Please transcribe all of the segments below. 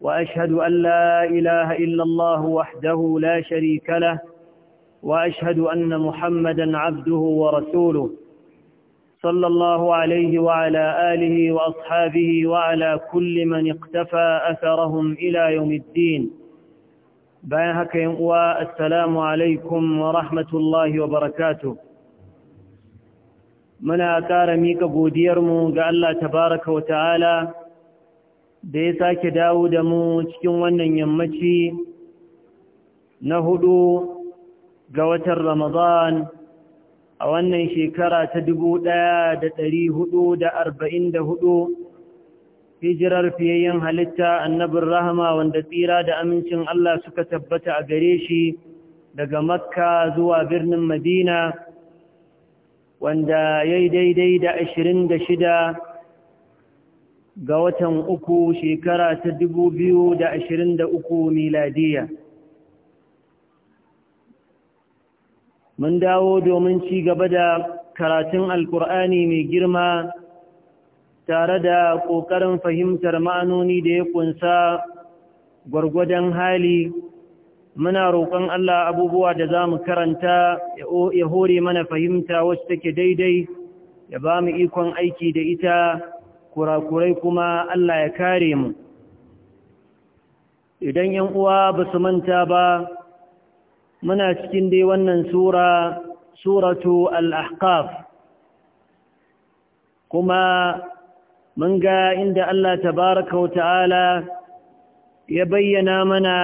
وأشهد أن لا إله إلا الله وحده لا شريك له وأشهد أن محمدا عبده ورسوله صلى الله عليه وعلى آله وأصحابه وعلى كل من اقتفى أثرهم إلى يوم الدين بيهك والسلام عليكم ورحمة الله وبركاته من أكار ميك قوديرمو قال الله تبارك وتعالى da ya sake dawo da mu cikin wannan yammaci na hudu ga watan Ramadan a wannan shekara ta dubu ɗaya da ɗari hudu da arba'in da hudu hijirar fiyayyen halitta annabin rahama wanda tsira da amincin Allah suka tabbata a gare shi daga makka zuwa birnin madina wanda ya yi daidai da ashirin da shida ga watan uku shekara ta dubu biyu da ashirin da uku miladiya. Mun dawo domin ci gaba da karatun Alƙur'ani mai girma tare da ƙoƙarin fahimtar ma'anoni da ya kunsa gwargwadon hali muna roƙon Allah abubuwa da za mu karanta ya hore mana fahimta wacce take daidai ya ba mu ikon aiki da ita kurakurai kuma Allah ya kare mu idan yan uwa ba su manta ba muna cikin dai wannan sura suratu al-ahqaf kuma mun ga inda Allah tabaraka wa ta'ala ya bayyana mana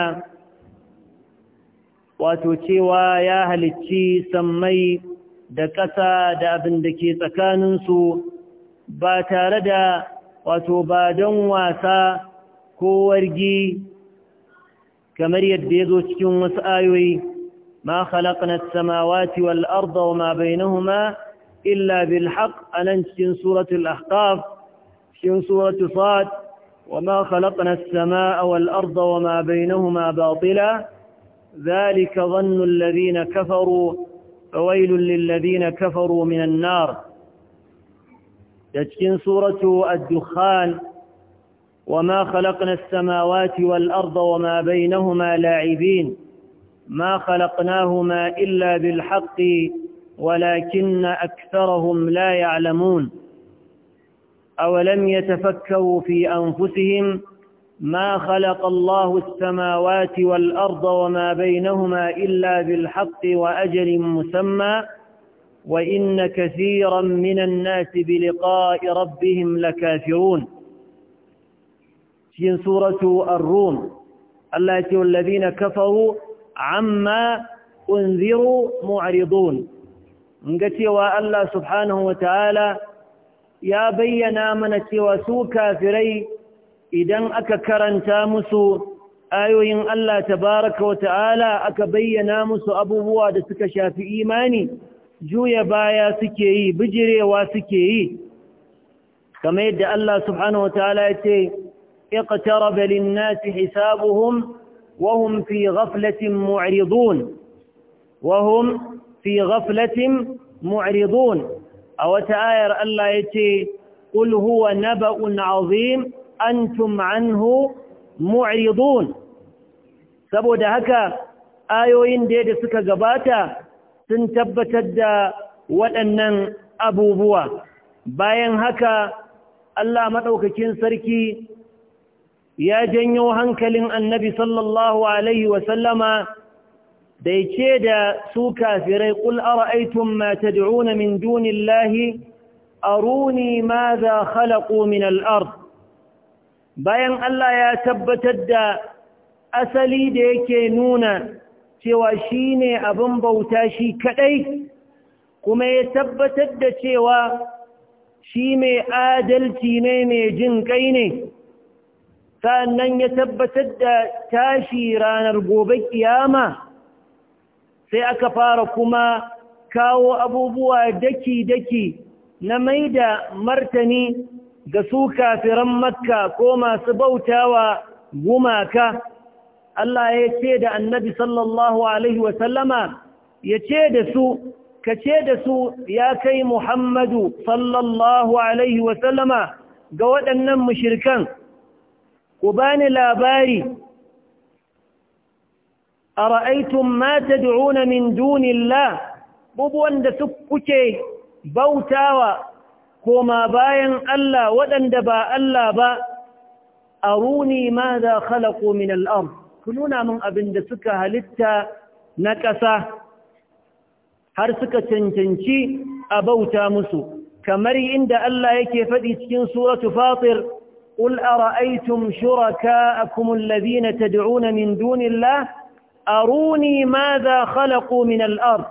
wato cewa ya halicci sammai da ƙasa da abin da ke tsakaninsu ba tare da wato ba don wasa ko wargi kamar yadda ya zo cikin wasu ayoyi ma khalaqna as-samawati wal arda wa ma bainahuma illa bil haqq anan cikin suratul ahqaf cikin suratul sad wa ma khalaqna as-samaa wal arda wa ma bainahuma batila ذلك ظن الذين كفروا فويل للذين كفروا من النار تشكين سورة الدخان وما خلقنا السماوات والأرض وما بينهما لاعبين ما خلقناهما إلا بالحق ولكن أكثرهم لا يعلمون أولم يتفكروا في أنفسهم ما خلق الله السماوات والأرض وما بينهما إلا بالحق وأجل مسمى وإن كثيرا من الناس بلقاء ربهم لكافرون في سورة الروم التي والذين كفروا عما أنذروا معرضون نقتي والله سبحانه وتعالى يا بينا من سوى كافري إذن أككرن تامسوا آيوين الله تبارك وتعالى مسو ابو أبوه دسك شافي إيماني juya baya suke yi bijirewa suke yi kamar yadda Allah subhanahu wataala ya ce iqtaraba lin-nasi hisabuhum wa hum fi ghaflatin mu'ridun wa hum fi ghaflatin mu'ridun a wata ayar Allah ya ce qul huwa naba'un 'azim antum 'anhu mu'ridun saboda haka ayoyin da suka gabata sun tabbatar da waɗannan abubuwa bayan haka Allah maɗaukakin sarki ya janyo hankalin annabi sallallahu alaihi wasallama da ya ce da su kafirai ƙul ara'aitun ma ta da'una min dunin lahi aruni ma za khalaƙo min al'ar bayan Allah ya tabbatar da asali da yake nuna cewa shi ne abin bauta shi kaɗai kuma ya tabbatar da cewa shi mai adalci ne mai jin ƙai ne sannan ya tabbatar da tashi ranar gobe kiyama sai aka fara kuma kawo abubuwa daki-daki na Maida, martani ga su kafiran makka ko masu bautawa gumaka Allah ya ce da annabi sallallahu Alaihi wasallama ya ce da su, ka ce da su ya kai Muhammadu sallallahu Alaihi wasallama ga waɗannan mashirkan. ku bani labari, a ra'aitun mata duna min dunillah, bubuwan da su kuke bautawa koma bayan Allah waɗanda ba Allah ba, aruni ma za khalaƙo min al'am. kununa mun abin da suka halitta na ƙasa har suka cancanci a bauta musu kamar inda Allah yake faɗi cikin suratu fatir قل أرأيتم شركاءكم الذين تدعون من دون الله أروني ماذا خلقوا من الأرض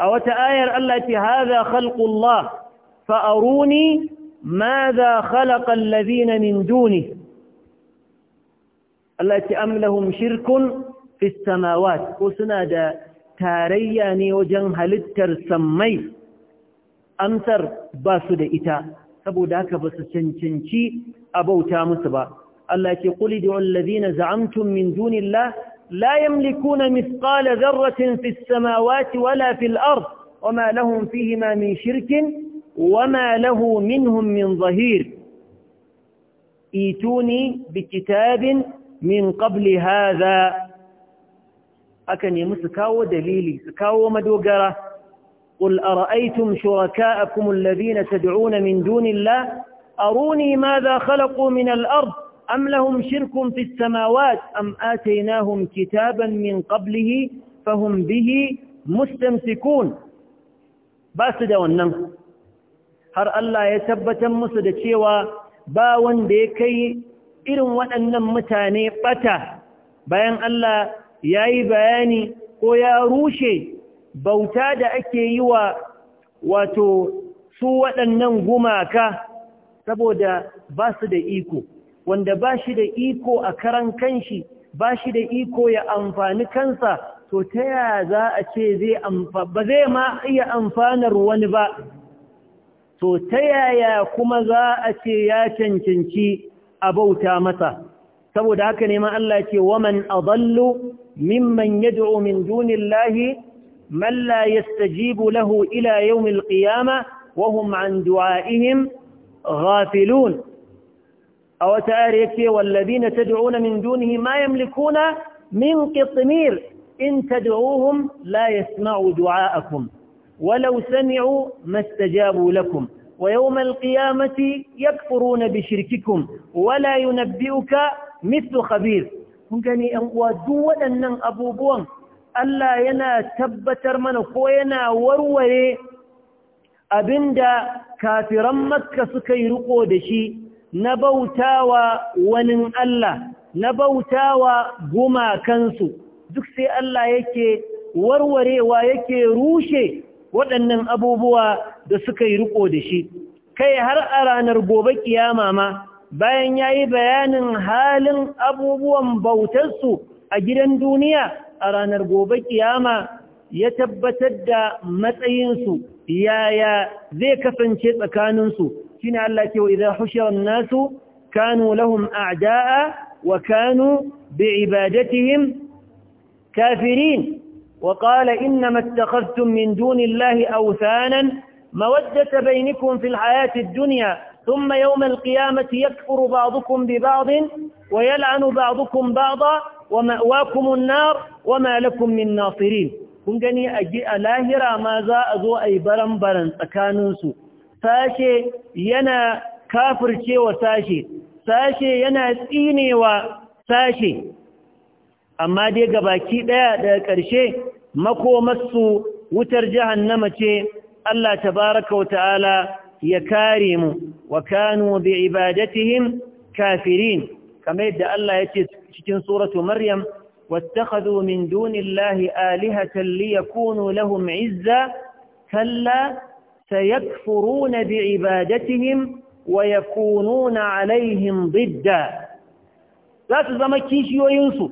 أو تآير التي هذا خلق الله فأروني ماذا خلق الذين من دونه التي أم لهم شرك في السماوات وسناد تارياني وجنها للترسمي أمسر باسد إتا سبو داك بسسنشنشي أبو تامسبا التي قل دعوا الذين زعمتم من دون الله لا يملكون مثقال ذرة في السماوات ولا في الأرض وما لهم فيهما من شرك وما له منهم من ظهير إيتوني بكتاب من قبل هذا أكن يمسكاو دليلي سكاو مدوغرة قل أرأيتم شركاءكم الذين تدعون من دون الله أروني ماذا خلقوا من الأرض أم لهم شرك في السماوات أم آتيناهم كتابا من قبله فهم به مستمسكون باسد والنم هر الله يثبت مسد شوى باون ديكي irin waɗannan mutane ɓata bayan Allah ya yi bayani ko ya rushe bauta da ake yi wa wato su waɗannan gumaka saboda ba su da iko wanda ba shi da iko a karan kanshi ba shi da iko ya amfani kansa to ta ya za a ce ba zai ma iya amfanar wani ba to ta yaya kuma za a ce ya cancanci abauta masa saboda haka ne ma Allah ce waman adallu mimman yad'u min dunillahi man la yastajibu lahu ila yawm alqiyama wa hum an du'aihim ghafilun aw ta'ar yake walladhina tad'una min dunihi ma yamlikuna min qitmir in tad'uuhum la yasma'u du'aakum ولو سمعوا ما استجابوا لكم ويوم القيامة يكفرون بشرككم ولا ينبئك مثل خبير kun gani ‘yan uwa duk waɗannan abubuwan Allah yana tabbatar mana ko yana warware abinda kafiran makka suka yi riko da shi na bautawa wani Allah na bautawa gumakansu duk sai Allah yake warwarewa yake rushe waɗannan abubuwa da suka yi riko da shi kai har a ranar gobe kiyama ma bayan yayi bayanin halin abubuwan bautarsu a gidan duniya a ranar gobe kiyama ya tabbatar da matsayinsu yaya zai kasance tsakaninsu shine Allah ke wa idan hushiran nasu kanu lahum a'da'a wa kanu bi'ibadatihim kafirin وقال إنما اتخذتم من دون الله أوثاناً مودة بينكم في الحياة الدنيا ثم يوم القيامة يكفر بعضكم ببعض ويلعن بعضكم بعضا ومأواكم النار وما لكم من ناصرين كنتني أجئ لاهرا ماذا أذو أي برم برن أكانوسو ساشي ينا كافر شي وساشي ساشي ينا سيني وساشي أما ديقبا كي دا دا كرشي مكو مسو وترجع النمشي الله تبارك وتعالى يكارم وكانوا بعبادتهم كافرين كما يدى الله يتشكين سورة مريم واتخذوا من دون الله آلهة ليكونوا لهم عزة كلا سيكفرون بعبادتهم ويكونون عليهم ضد ذات الزمكيش وينسو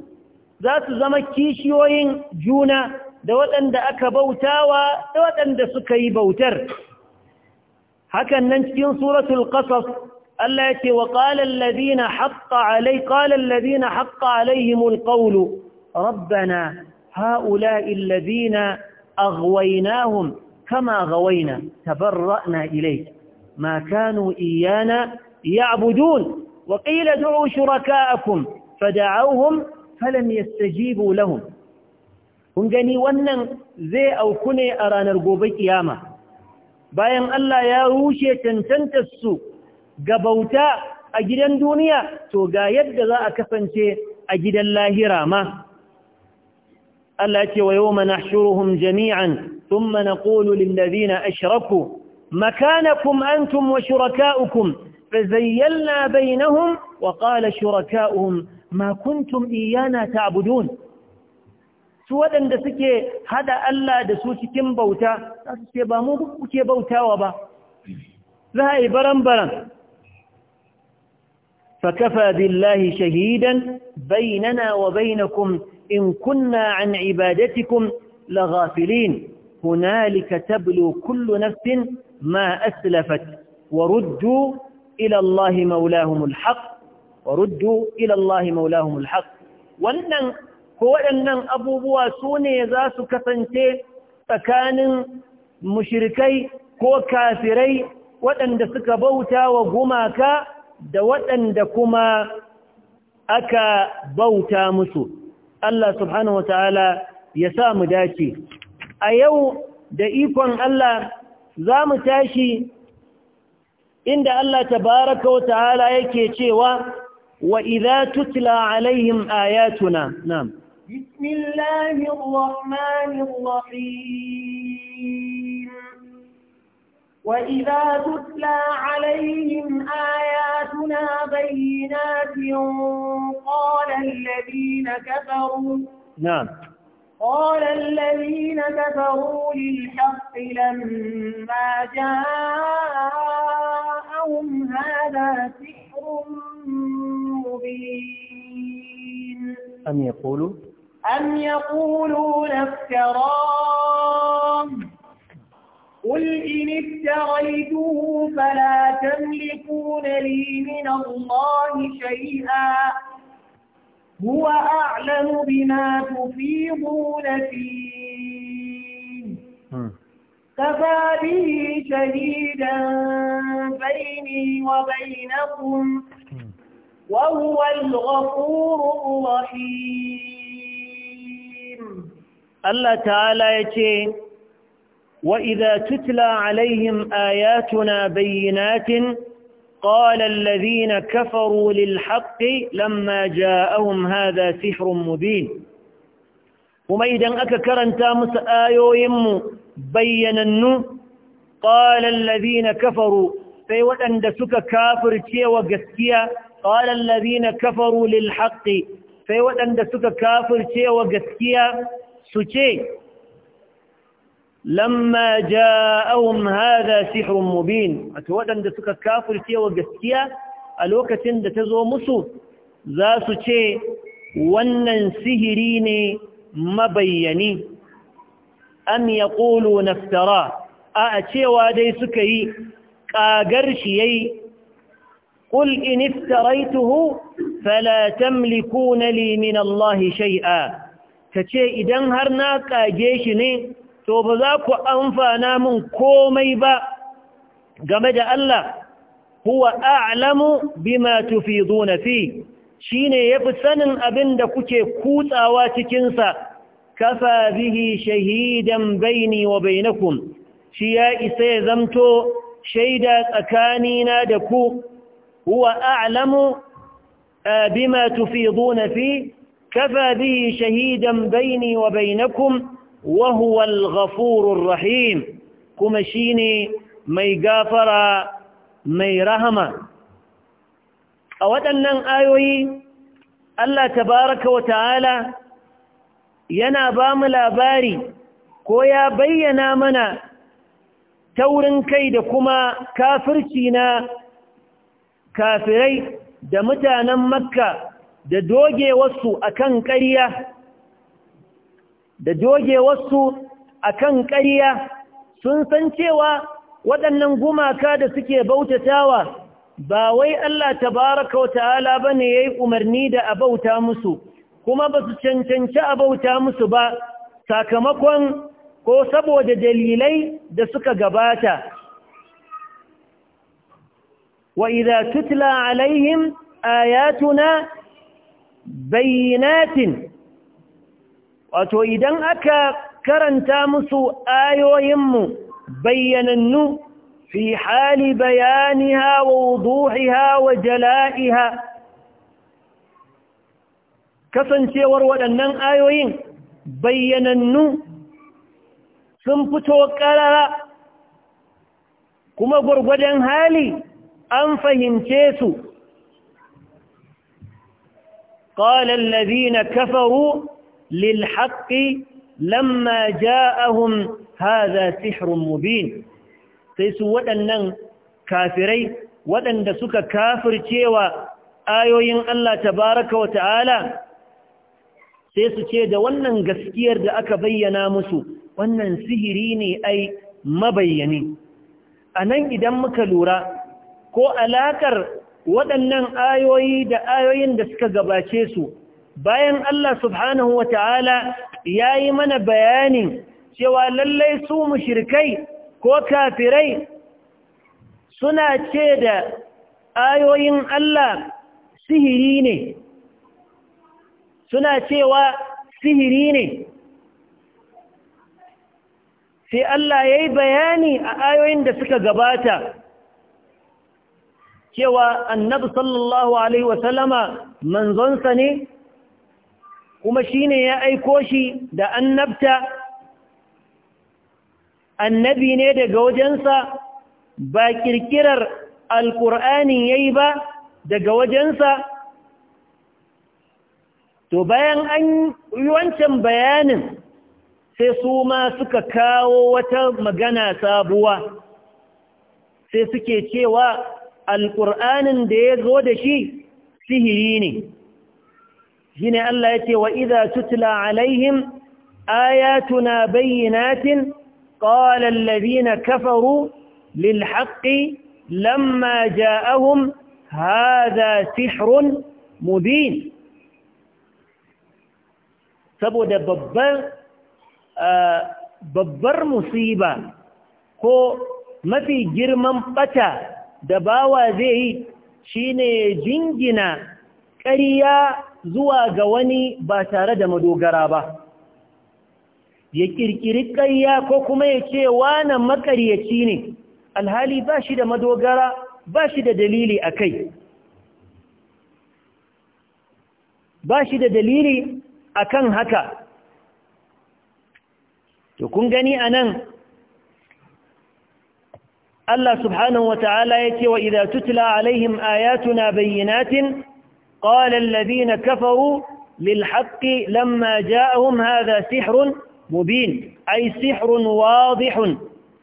ذات الزمكيش وينجونا da waɗanda aka bautawa da waɗanda suka yi bautar hakan nan cikin suratul qasas Allah yake wa qala alladhina haqqa alai qala alladhina haqqa alaihimul qawl rabbana haula'i alladhina aghwaynahum kama ghawayna tabarra'na ilayk ma kanu iyana ya'budun wa qila du'u شركاءكم fada'awhum falam yastajibu lahum kun gani wannan zai auku ne a ranar gobe kiyama bayan Allah ya rushe tantantar su ga bauta a gidan duniya to ga yadda za a kasance a gidan lahira ma Allah ya ce wa yawma nahshuruhum jami'an thumma naqulu lil ladina ashraku makanakum antum wa shurakaukum fazayyalna bainahum wa qala shurakaukum ma kuntum iyana ta'budun su waɗanda suke hada Allah da su cikin bauta za su ce ba mu kuke bautawa ba za a yi baran-baran فكفى بالله شهيدا بيننا وبينكم إن كنا عن عبادتكم لغافلين هنالك تبلو كل نفس ما أسلفت وردوا إلى الله مولاهم الحق وردوا إلى الله مولاهم الحق wannan ko waɗannan abubuwa su ne za su kasance tsakanin mushirikai ko kafirai waɗanda suka bauta wa gumaka da waɗanda kuma aka bauta musu Allah subhanahu Ta'ala ya sa mu dace a yau da ikon Allah za mu tashi inda Allah tabaraka wa ta'ala yake cewa wa idza tutla alaihim ayatuna na'am بسم الله الرحمن الرحيم وإذا تتلى عليهم آياتنا بينات قال الذين كفروا نعم قال الذين كفروا للحق لما جاءهم هذا سحر مبين أم يقولوا أم يقولون افتراه قل إن افتريته فلا تملكون لي من الله شيئا هو أعلم بما تفيضون فيه كفى به شهيدا بيني وبينكم وهو الغفور الرحيم Allah ta'ala ya ce wa idza tutla alaihim ayatuna bayyinatin qala alladhina kafaru lil haqqi lamma ja'ahum hadha sihrun mubin kuma idan aka karanta musu ayoyinmu bayyanannu qala alladhina kafaru sai waɗanda suka kafirce wa gaskiya qala alladhina kafaru lil haqqi sai waɗanda suka kafirce wa gaskiya su ce lamma ja'ahum hadha sihrun mubin wato waɗanda suka kafirce wa gaskiya a lokacin da ta zo musu za su ce wannan sihiri ne mabayyani am yaqulu naftara a cewa dai suka yi kagar shi yayi قل إن افتريته فلا تملكون لي من الله شيئا ta ce idan har na ƙage shi ne to ba za ku amfana min komai ba game da Allah huwa a'lamu bima tufiduna fi shine yafi sanin abin da kuke kutsawa cikin sa kafa bihi shahidan baini wa bainakum shi ya isa ya zamto shaida tsakanina da ku huwa a'lamu eh, bima tufiduna fi كفى به شهيدا بيني وبينكم وهو الغفور الرحيم كما شيني مي غافر مي رحمة أودنن آيوي الله تبارك وتعالى ينا بام لاباري كويا بينا منا taurin kai da kuma kafirci na kafirai da mutanen makka da dogewarsu akan ƙarya da dogewarsu akan ƙarya sun san cewa waɗannan gumaka da suke bautatawa ba wai Allah tabaraka wa ta'ala bane yayi umarni da a bauta musu kuma ba su cancanci a bauta musu ba sakamakon ko saboda dalilai da suka gabata wa idza tutla alaihim ayatuna bayyinatin wato idan aka karanta musu ayoyinmu bayyanannu fi hali bayaniha wa wuduhiha wa jala'iha kasancewar waɗannan ayoyin bayyanannu sun fito ƙarara kuma gwargwadon hali an fahimce su قال الذين كفروا للحق لما جاءهم هذا سحر مبين سيسو ودنن كافري ودن دسك كافر تيوى آيوين الله تبارك وتعالى sai su ce da wannan gaskiyar da aka bayyana musu wannan sihiri ne ai mabayyani a nan idan muka lura ko alakar waɗannan ayoyi da ayoyin da suka gabace su bayan Allah subhanahu wa ta'ala ya yi mana bayani, cewa lallai su mushirkai ko kafirai suna ce da ayoyin Allah sihiri ne suna cewa sihiri ne sai Allah ya yi bayani a ayoyin da suka gabata cewa annabi sallallahu alaihi wasallama manzonsa ne kuma shine ya aiko shi da annabta annabi ne daga wajensa ba kirkirar alkur'ani yayi ba daga wajensa to bayan an yi wancan bayanin sai su ma suka kawo wata magana sabuwa sai suke cewa القرآن ده زود شيء سهليني هنا الله يتي وإذا تتلى عليهم آياتنا بينات قال الذين كفروا للحق لما جاءهم هذا سحر مبين سبود ببر آه، ببر مصيبة كو ما في جرم قتل da bawa zai yi shi ne jingina ƙariya zuwa ga wani ba tare da madogara ba ya ƙirƙiri ƙarya ko kuma ya ce wanan makaryaci ne alhali ba shi da madogara ba shi da dalili a kai ba shi da dalili a kan haka to kun gani a nan الله سبحانه وتعالى يتي وإذا تتلى عليهم آياتنا بينات قال الذين كفروا للحق لما جاءهم هذا سحر مبين أي سحر واضح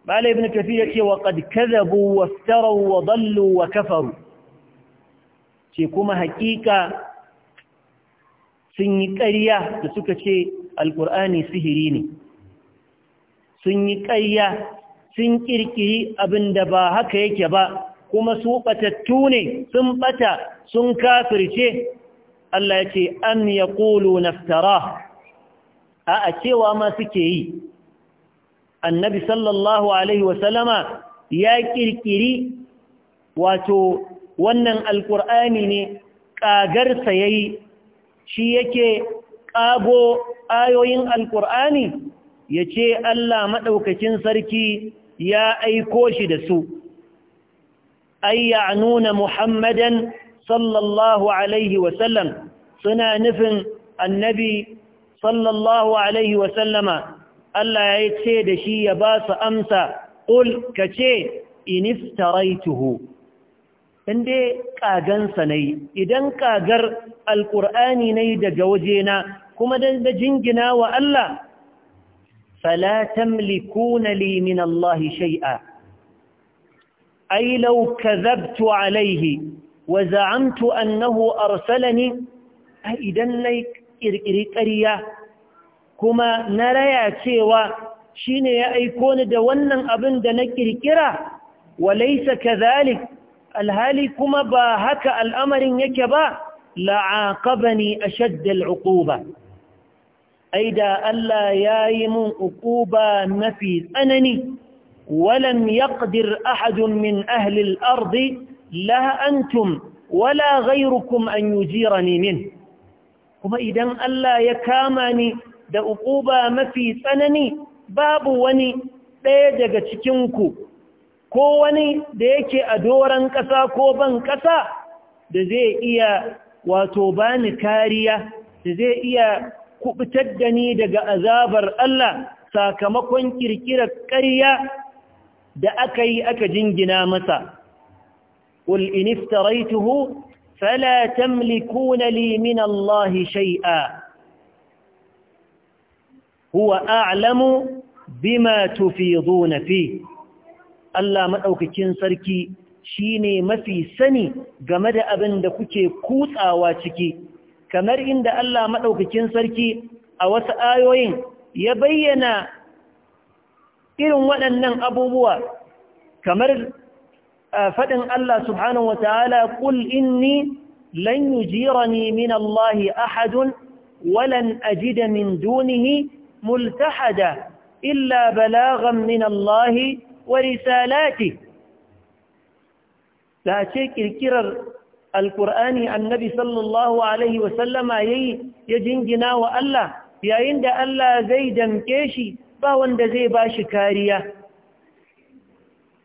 قال ابن كثير وقد كذبوا وافتروا وضلوا وكفروا شيكما هكيكا سنة كريا تسكت القرآن سهريني سنة كريا sun kirkiri abin da ba haka yake ba kuma su ɓatattu ne sun ɓata, sun kafirce Allah ya ce am yaqulu naftara a a cewa ma suke yi annabi sallallahu alaihi wasallama ya kirkiri wato wannan Alƙur'ani ne ya yayi shi yake ƙago ayoyin Alƙur'ani? ya ce Allah maɗaukakin sarki ya aiko shi da su, ai ya nuna Muhammadan sallallahu Alaihi wasallam suna nufin annabi sallallahu Alaihi wasallama Allah ya ce da shi ya ba su amsa, ƙul ka ce, inistaraituhu. Inde ƙagansa na yi, idan ƙagar Alƙur'ani na yi daga wajena, kuma da jingina wa Allah فلا تملكون لي من الله شيئا أي لو كذبت عليه وزعمت أنه أرسلني إذن ليك إرئري كما نرى سوى شين يأيكون دونا أبن دنكر كرا وليس كذلك الهالي كما باهك الأمر يكبا لعاقبني أشد العقوبة ai da Allah ya yi mun ukuba mafi tsanani walam yaqdir ahadun min ahli al-ard la antum wala ghayrukum an yujirani min kuma idan Allah ya kama ni da ukuba mafi tsanani babu wani ɗaya daga cikinku ko wani da yake a doron ƙasa ko ban ƙasa da zai iya wato bani kariya da zai iya kubutar da ni daga azabar Allah sakamakon kirkirar ƙarya da aka yi aka jingina masa قل إن افتريته فلا تملكون لي shai'a. Huwa شيئا هو أعلم بما تفيضون fi. Allah maɗaukakin sarki shi ne mafi sani game da abin da kuke kutsawa ciki kamar inda Allah maɗaukakin sarki a wasu ayoyin ya bayyana irin waɗannan abubuwa kamar faɗin Allah subhanahu wa ta'ala ƙul inni lan jirani min Allahi ahadun walan ajida min dunihi multahada illa balagan min Allahi wa risalati ta ce ƙirƙirar القرآن النبي صلى الله عليه وسلم يي يجنجنا وألا يأين دا ألا زي دمكيشي باوان دا زي باش كاريا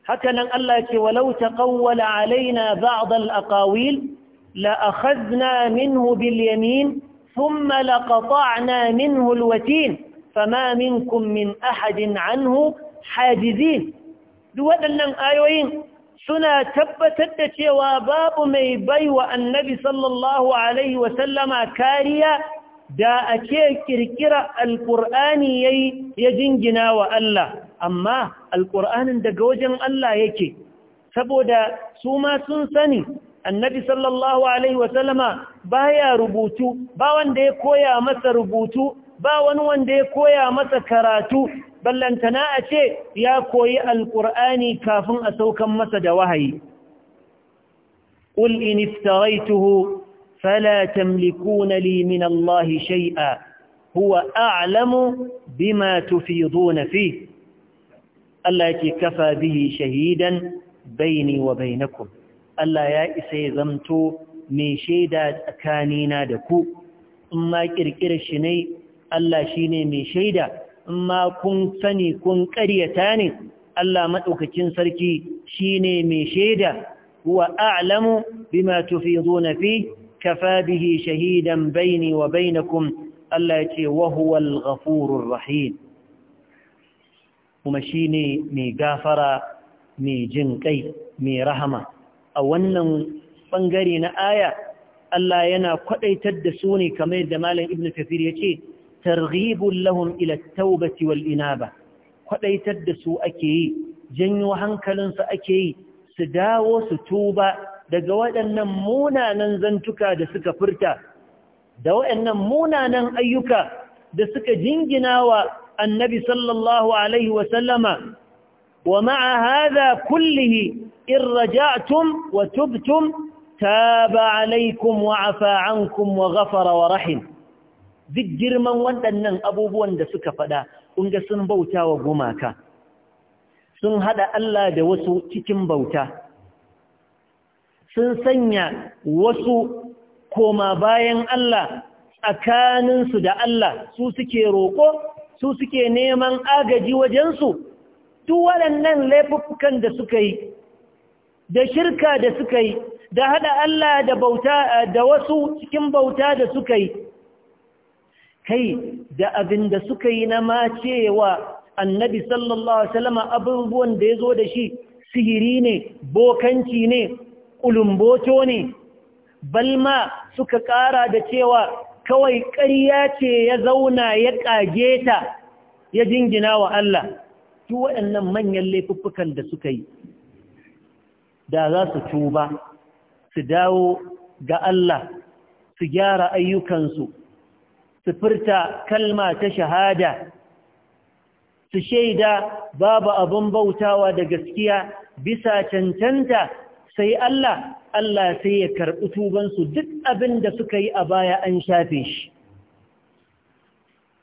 حكنا ألا ولو تقول علينا بعض الأقاويل لأخذنا منه باليمين ثم لقطعنا منه الوتين فما منكم من أحد عنه حاجزين دوانا لن آيوين suna tabbatar da cewa babu mai bai wa annabi sallallahu alaihi wasallama kariya da ake ce kirkira alƙur'ani ya ya jingina wa Allah amma alƙur'anin daga wajen Allah yake saboda su ma sun sani annabi sallallahu alaihi wasallama ba ya rubutu ba wanda ya koya masa rubutu ba wani wanda ya koya masa karatu ballantana a ce ya koyi alƙur'ani kafin a saukan masa da wahayi. Ƙul in iftaraituhu fala tamlikuna li min Allahi shai'a, huwa a'lamu bima tufiduna fi. Allah yake kafa bihi shahidan baini wa bainakum. Allah ya isa ya zamto mai shaida tsakanina da ku, in ƙirƙirar shinai, Allah shi ne mai shaida. in ma kun sani kun ƙaryata ne Allah maɗaukacin sarki shine mai shaida huwa a'lamu bima tufiduna fi kafa bihi shahidan baini wa bainakum Allah ya ce wa ghafurur rahim kuma ne mai gafara mai jin ƙai mai rahama a wannan ɓangare na aya Allah yana kwaɗaitar da su ne kamar yadda malam Ibn Kathir ya ce ترغيب لهم إلى التوبة والإنابة قد يتدسوا أكي جنوا هنكل فأكي سداو ستوبة دقوات أن مونا ننزنتك دسك فرتا دو أن مونا ننأيك دسك جنجنا والنبي صلى الله عليه وسلم ومع هذا كله إن رجعتم وتبتم تاب عليكم وعفى عنكم وغفر ورحم duk girman waɗannan abubuwan da suka faɗa kun sun bauta wa gumaka sun haɗa Allah da wasu cikin bauta sun sanya wasu koma bayan Allah tsakaninsu da Allah su suke roƙo su suke neman agaji wajensu duk waɗannan laifukan da suka yi da shirka da suka yi da haɗa Allah da wasu cikin bauta da suka yi kai da abin da suka yi na macewa annabi sallallahu alaihi wasallam abubuwan da ya zo da shi sihiri ne bokanci ne ƙulumboto ne balma suka ƙara da cewa kawai ƙarya ce ya zauna ya ƙage ta ya jingina wa Allah su waɗannan manyan laifuffukan da suka yi da za su tuba su dawo ga Allah su gyara ayyukansu su furta kalma ta shahada su shaida babu abin bautawa da gaskiya bisa cancanta sai Allah Allah sai ya karɓi tubansu duk abin da suka yi a baya an shafe shi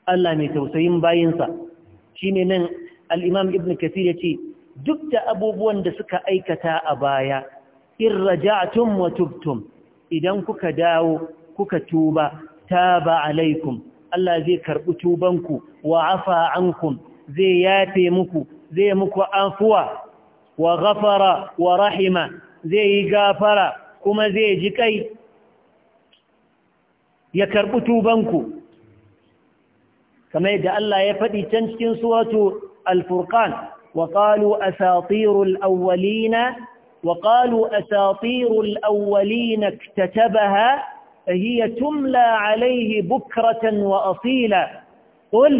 Allah mai tausayin bayinsa shi ne nan al'imam ibn Kathir ya ce duk da abubuwan da suka aikata a baya in raja'atum wa tubtum idan kuka dawo kuka tuba taba alaikum Allah zai karɓi tubanku wa afa ankum zai yafe muku zai muku afuwa wa ghafara wa rahima zai yi gafara kuma zai ji kai ya karɓi tubanku kamar yadda Allah ya faɗi can cikin suratu al-furqan wa qalu asatirul awwalina wa qalu asatirul awwalina iktatabaha فهي تملى عليه بكرة وأصيلا قل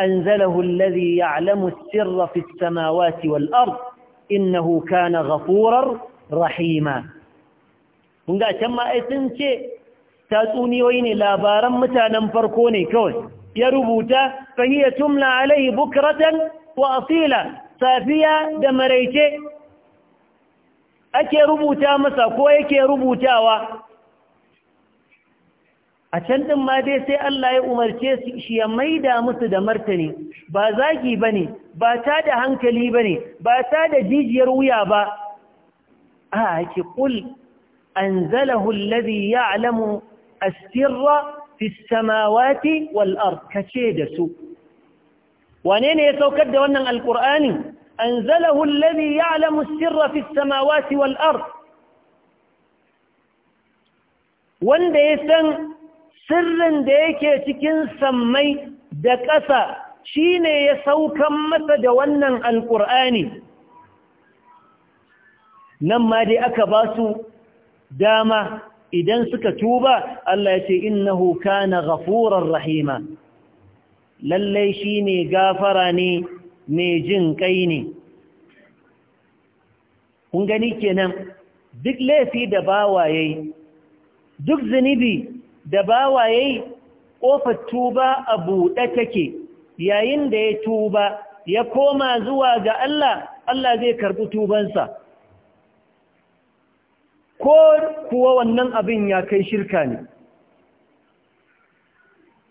أنزله الذي يعلم السر في السماوات والأرض إنه كان غفورا رحيما هنقا تم أتنشي تاتوني ويني لا متى نمفركوني كون يربوتا فهي تملى عليه بكرة وأصيلا صافية دمريتي أكي ربوتا مسا كو أكي ربوتا وأصيلا a can ɗin ma dai sai Allah ya umarce su shi ya maida musu da martani ba zagi ba ne ba ta da hankali ba ne ba ta da jijiyar wuya ba a ki ƙul an zalahu ya alamu asirra fi samawati wal'ar kace da su wane ne ya saukar da wannan alƙur'ani an zalahu ya alamu asirra fi wal'ar wanda ya san sirrin da yake cikin sammai da ƙasa shi ne ya saukan masa da wannan alƙur'ani nan ma dai aka ba su dama idan suka tuba Allah ya ce innahu kana ghafurar rahima lallai ne gafara ne mai jin ƙai ne kun gani kenan duk laifi da bawaye duk zunubi da bawa yi ƙofar tuba a buɗe take yayin da ya tuba ya koma zuwa ga Allah Allah zai karɓi tubansa ko kuwa wannan abin ya kai shirka ne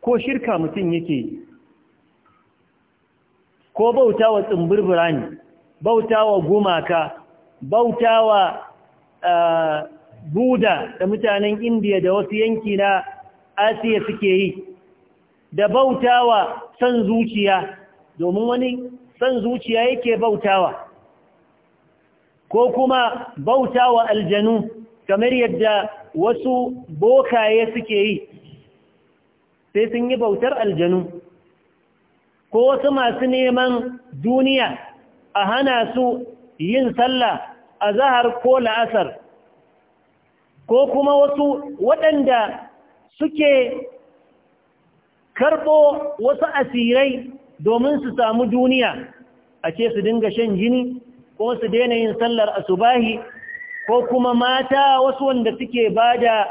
ko shirka mutum yake yi ko bauta wa tsumburbura ne bauta wa gumaka bauta wa eh, buda da mutanen indiya da wasu yanki na asiya suke yi da bautawa san zuciya domin wani san zuciya yake bautawa ko kuma bautawa aljanu kamar yadda wasu bokaye suke yi sai sun yi bautar aljanu ko wasu masu neman duniya a hana su yin sallah a zahar ko la'asar ko kuma wasu waɗanda suke karɓo wasu asirai domin su samu duniya a ce su dinga shan jini ko su daina yin sallar asubahi ko kuma mata wasu wanda suke ba da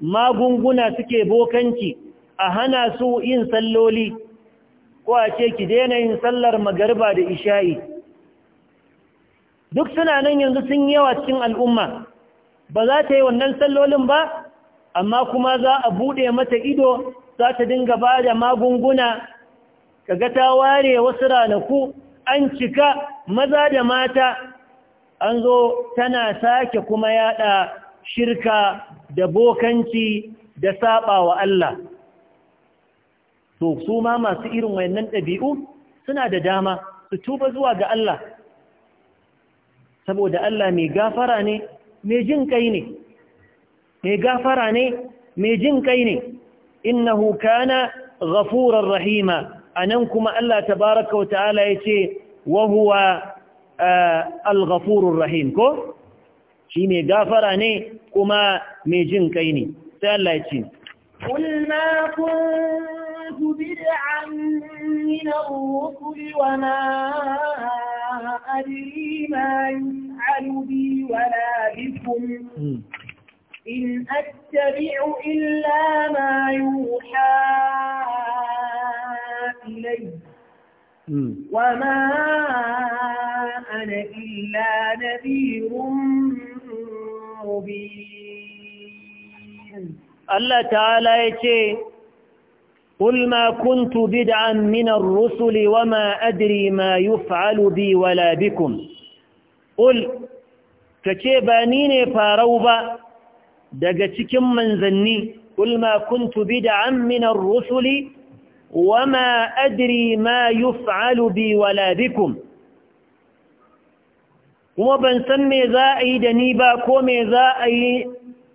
magunguna suke bokanci a hana su yin salloli ko a ce ki daina yin sallar magarba da isha'i duk suna nan yanzu sun yawa cikin al'umma ba za ta yi wannan sallolin ba amma kuma za a buɗe mata ido za ta dinga ba da magunguna kaga ta ware wasu ranaku an cika maza da mata an zo tana sake kuma yada shirka da bokanci da saba wa Allah to su ma masu irin wayannan ɗabi'u suna da dama su tuba zuwa ga Allah saboda Allah mai gafara ne mai jin kai ne mai gafara ne mai jin kai ne innahu kana gafuran rahima a nan kuma Allah Ta tabaraka wa ta'ala ya ce, wahuwa eh, al rahim ko shi mai gafara ne kuma mai jin kai ne sai Allah ya ce بدعا من الرسل وما أدري ما يفعل بي ولا بكم إن أتبع إلا ما يوحى إلي وما أنا إلا نذير مبين الله تعالى يقول قل ما كنت بدعا من الرسل وما أدري ما يفعل بي ولا بكم قل كتبانين فاروبا دقتكم من ذني قل ما كنت بدعا من الرسل وما أدري ما يفعل بي ولا بكم وما بنسمي ذا أي دنيبا كومي ذا أي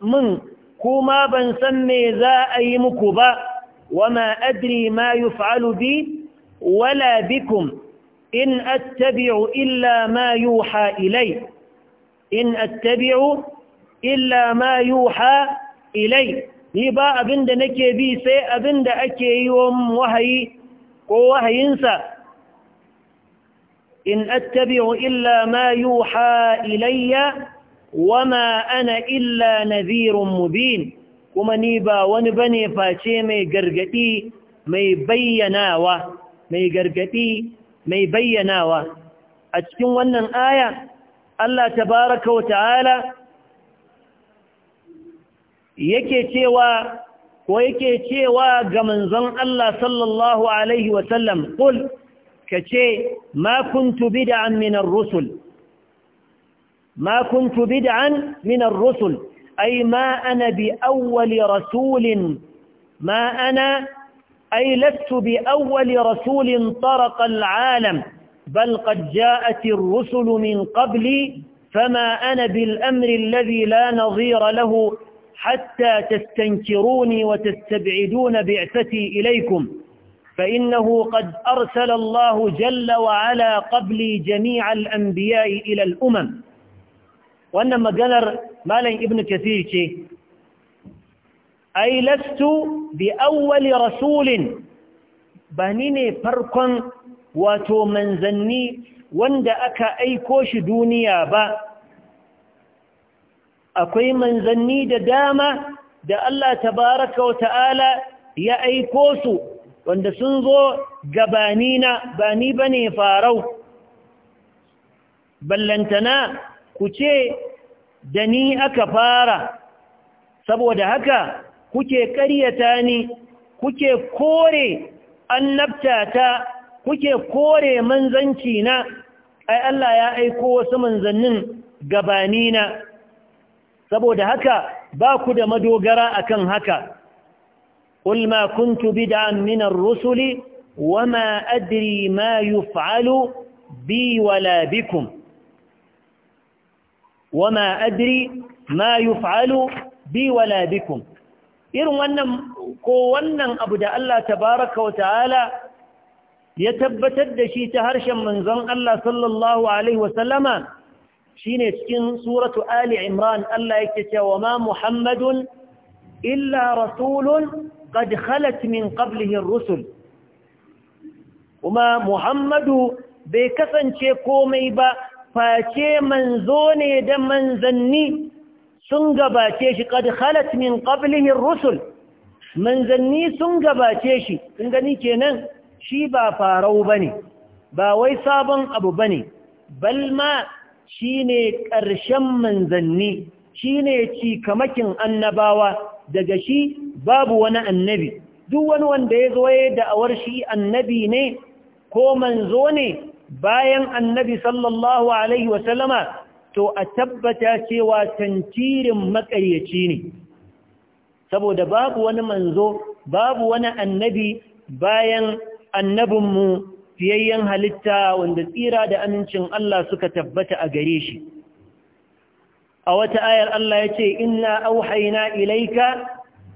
من كوما ko ذا أي مكوبا وما أدري ما يفعل بي ولا بكم إن أتبع إلا ما يوحى إلي إن أتبع إلا ما يوحى إلي ni ba abin da nake bi sai abin da ake yi wa wahayi ko wahayinsa in attabi'u illa ma yuha ilayya wama ana illa nadhirun mubin kuma ni ba wani bane face mai gargadi mai bayyanawa mai gargadi mai bayyanawa a cikin wannan aya Allah tabaraka wa ta'ala yake cewa ko yake cewa ga manzon Allah sallallahu alaihi wa sallam kul kace ma kuntu bid'an min ar-rusul ma kuntu bid'an min ar-rusul أي ما أنا بأول رسول ما أنا أي لست بأول رسول طرق العالم بل قد جاءت الرسل من قبلي فما أنا بالأمر الذي لا نظير له حتى تستنكروني وتستبعدون بعثتي إليكم فإنه قد أرسل الله جل وعلا قبلي جميع الأنبياء إلى الأمم wannan maganar malam ibn kathir ce ai lastu bi awwali rasulin ba ni ne farkon wato manzanni wanda aka aiko shi duniya ba akwai manzanni da dama da Allah tabaraka wa ta'ala ya aiko su wanda sun zo gabanina ba ni ba ne farau ballantana ku ce da ni aka fara saboda haka kuke ƙaryata ni kuke kore annabtata kuke kore manzanci na ai Allah ya aiko wasu manzannin na. saboda haka ba ku da madogara akan haka قل kuntu كنت بدعا من rusuli وما أدري ما يفعل bi wala بكم wama adri ma yuf'alu bi wala bikum irin wannan ko wannan abu da Allah tabaraka wa ta'ala ya tabbatar da shi ta harshen manzon Allah sallallahu alaihi wa sallama shine cikin suratu ali imran Allah yake cewa ma muhammadun illa rasulun qad khalat min qablihi ar-rusul kuma muhammadu bai kasance komai ba face manzo ne da manzanni sun gabace shi kad khalat min qablihi ar-rusul manzanni sun gabace shi kun gani kenan shi ba farau bane ba wai sabon abu bane Balma shine ƙarshen manzanni shine cikamakin annabawa daga shi babu wani annabi duk wani wanda ya zo ya da'awar shi annabi ne ko manzo ne bayan annabi sallallahu alaihi wasallama to a tabbata cewa tantirin makaryaci ne saboda babu wani manzo babu wani annabi bayan annabinmu fiyayyen halitta wanda tsira da amincin Allah suka tabbata a gare shi a wata ayar Allah ya ce inna auhaina ilaika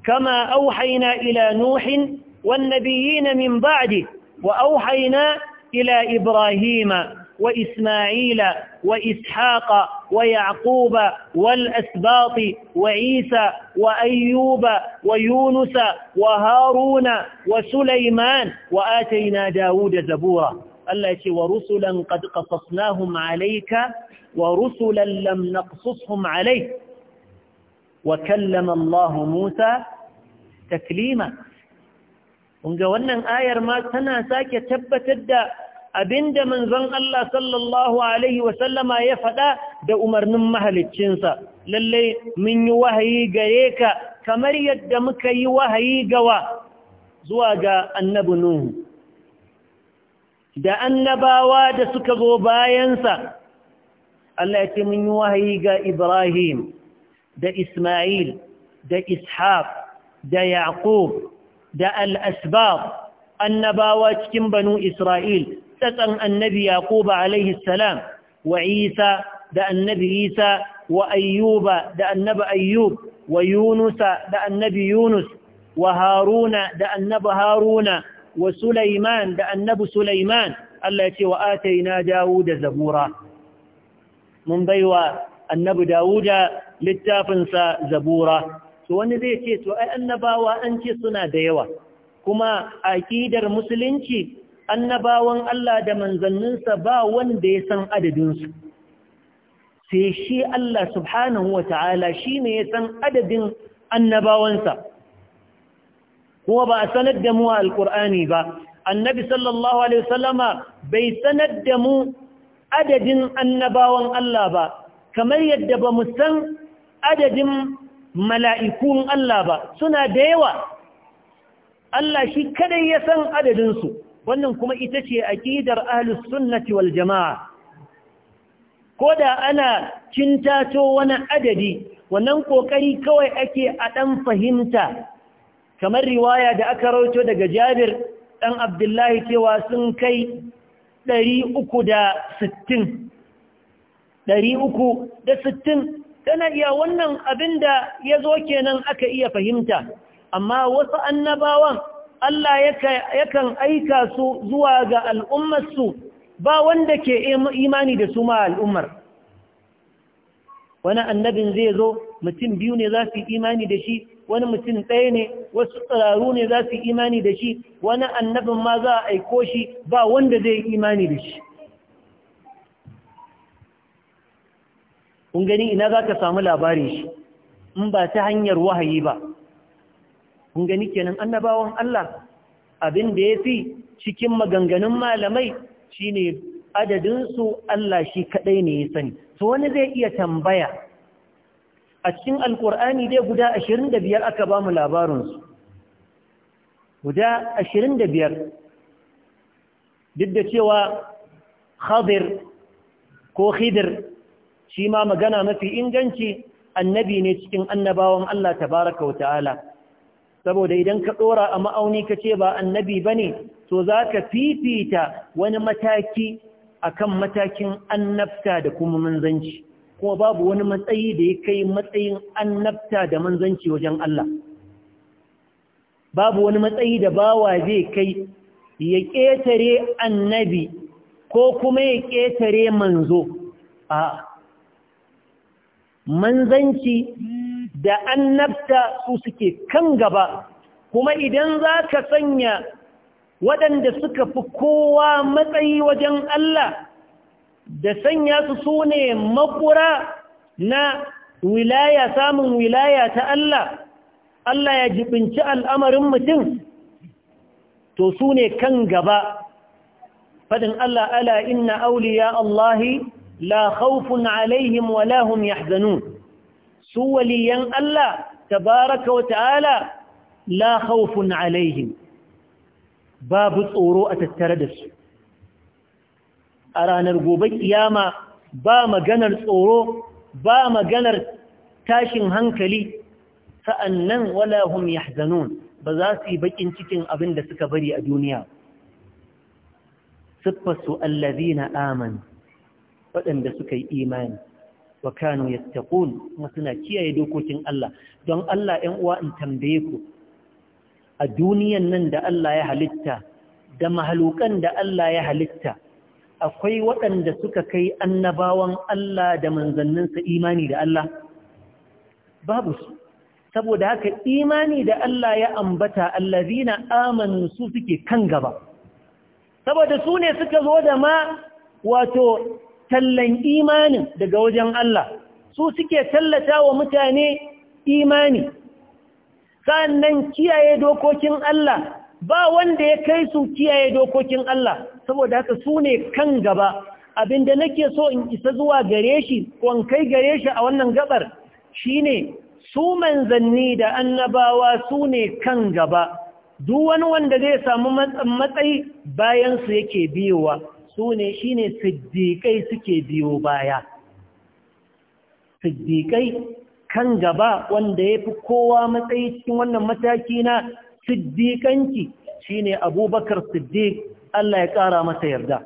kama auhaina ila nuhin wannabiyina min ba'di wa auhaina إلى إبراهيم وإسماعيل وإسحاق ويعقوب والأسباط وعيسى وأيوب ويونس وهارون وسليمان وآتينا داود زبورا التي ورسلا قد قصصناهم عليك ورسلا لم نقصصهم عليك وكلم الله موسى تكليما Kunga wannan ayar ma tana sake tabbatar da abinda manzon Allah sallallahu alaihi wasallama ya faɗa da umarnin mahaliccinsa Lallai mun yi wahayi gare ka kamar yadda muka yi wahayi gawa zuwa ga annabi Nuhu da annabawa da suka zo bayansa Allah ya ce mun yi wahayi ga Ibrahim da Ismail da Ishaq da Yaqub da al'asbab annabawa cikin banu Isra'il tsatsan annabi Yaquba alaihi salam wa Isa da annabi Isa wa Ayyuba da annabi Ayyub wa Yunusa da annabi Yunus wa Haruna da annabi Haruna wa Sulaiman da annabi Sulaiman Allah ya ce wa ataina Dawuda zabura mun baiwa annabi Dawuda littafinsa zabura to wani zai ce to ai annabawa an ce suna da yawa kuma aƙidar musulunci annabawan Allah da manzanninsa ba wanda ya san adadinsu sai shi Allah subhanahu wa ta'ala shi ne ya san adadin annabawansa kuma ba a sanar da mu a alƙur'ani ba annabi sallallahu alaihi wasallama bai sanar da mu adadin annabawan Allah ba kamar yadda ba mu san adadin mala'ikun Allah ba suna da yawa Allah shi kadai ya san adadinsu wannan kuma ita ce aƙidar ahalus sunnati wal jama'a ko da ana cintato wani adadi wannan ƙoƙari kawai ake a ɗan fahimta kamar riwaya da aka rauto daga jabir ɗan abdullahi cewa sun kai 360 360 tana iya wannan abin da ya zo kenan aka iya fahimta amma wasu annabawan Allah yakan aika su zuwa ga al'ummarsu ba wanda ke imani da su ma al'ummar wani annabin zai zo mutum biyu ne za su imani da shi wani mutum ɗaya ne wasu tsiraru ne za su imani da shi wani annabin ma za a aiko shi ba wanda zai imani da shi kun gani ina za ka samu labari shi in ba ta hanyar wahayi ba kun gani kenan annabawan Allah abin da ya fi cikin maganganun malamai shine adadinsu Allah shi kaɗai ne ya sani to wani zai iya tambaya a cikin alkur'ani dai guda ashirin da biyar aka ba mu labarinsu guda ashirin da biyar duk da cewa khadir ko khidir shi ma magana mafi inganci annabi ne cikin annabawan Allah tabaraka wa ta'ala saboda idan ka ɗora a ma'auni ka ce ba annabi ba ne to za ka fifita wani mataki a kan matakin annabta da kuma manzanci kuma babu wani matsayi da ya kai matsayin annabta da manzanci wajen Allah babu wani matsayi da bawa zai kai ya ƙetare annabi ko kuma ya ƙetare manzo a manzanci da annabta su suke kan gaba kuma idan za ka sanya waɗanda suka fi kowa matsayi wajen Allah da sanya su su ne makura na wilaya samun wilaya ta Allah Allah ya jibinci al'amarin mutum to su ne kan gaba faɗin Allah ala inna auliya Allahi لا خوف عليهم ولا هم يحزنون سوى سوليا الله تبارك وتعالى لا خوف عليهم باب الثوروة التردس أرى نرغوبي ياما باما جنر الثورو باما جنر تاشن هنكلي فأنن ولا هم يحزنون بذاتي بجن تكن أبن بري الدنيا سبسوا الذين آمنوا waɗanda suka yi imani wa kanu yattaqun kuma suna kiyaye dokokin Allah don Allah 'yan uwa in tambaye ku a duniyan nan da Allah ya halitta da mahalukan da Allah ya halitta akwai waɗanda suka kai annabawan Allah da manzanninsa imani da Allah babu su saboda haka imani da Allah ya ambata allazina amanu su suke kan gaba saboda su ne suka zo da ma wato tallan imanin daga wajen Allah su suke tallata wa mutane imani sannan kiyaye dokokin Allah ba wanda ya kai su kiyaye dokokin Allah saboda haka su ne kan gaba abinda nake so in isa zuwa gare shi kwan kai gare shi a wannan gabar shine su manzanni da annabawa su ne kan gaba duk wani wanda zai samu matsayi bayansu yake biyowa su ne shi ne siddiƙai suke biyo baya siddiƙai kan gaba wanda ya fi kowa matsayi cikin wannan mataki na siddiƙanci shi ne abubakar siddiƙ Allah ya ƙara masa yarda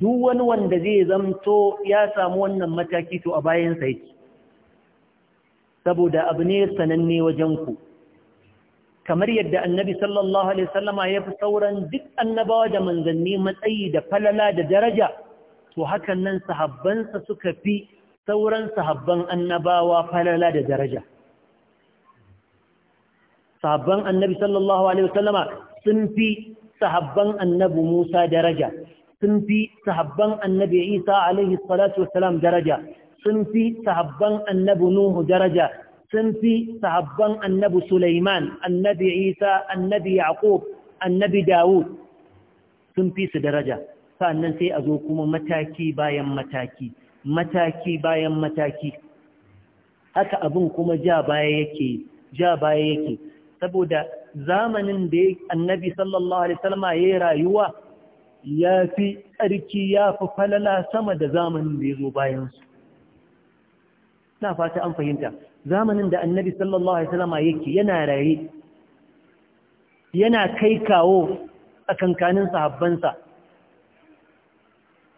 duk wani wanda zai zamto ya samu wannan mataki to a bayan saiki saboda abu ne sananne wajen ku kamar yadda annabi sallallahu alaihi wasallama ya fi sauran duk annabawa da manzanni matsayi da falala da daraja to hakan nan sahabbansa suka fi sauran sahabban annabawa falala da daraja sahabban annabi sallallahu alaihi wasallama sun fi sahabban annabi Musa daraja sun fi sahabban annabi Isa alaihi salatu wasalam daraja sun fi sahabban annabi Nuhu daraja sun fi sahabban annabi Sulaiman, annabi Isa, annabi Yaqub, annabi Dawud sun fi su daraja. Sa'annan sai a zo kuma mataki bayan mataki, mataki bayan mataki. Haka abin kuma ja baya yake, ja baya yake. Saboda zamanin da annabi sallallahu Alaihi wasallama ya yi rayuwa ya fi tsarki ya fi falala sama da zamanin da ya zo bayansu. Na fata an fahimta, zamanin da annabi sallallahu alaihi wasallama yake yana raye yana kai kawo a kankanin sahabbansa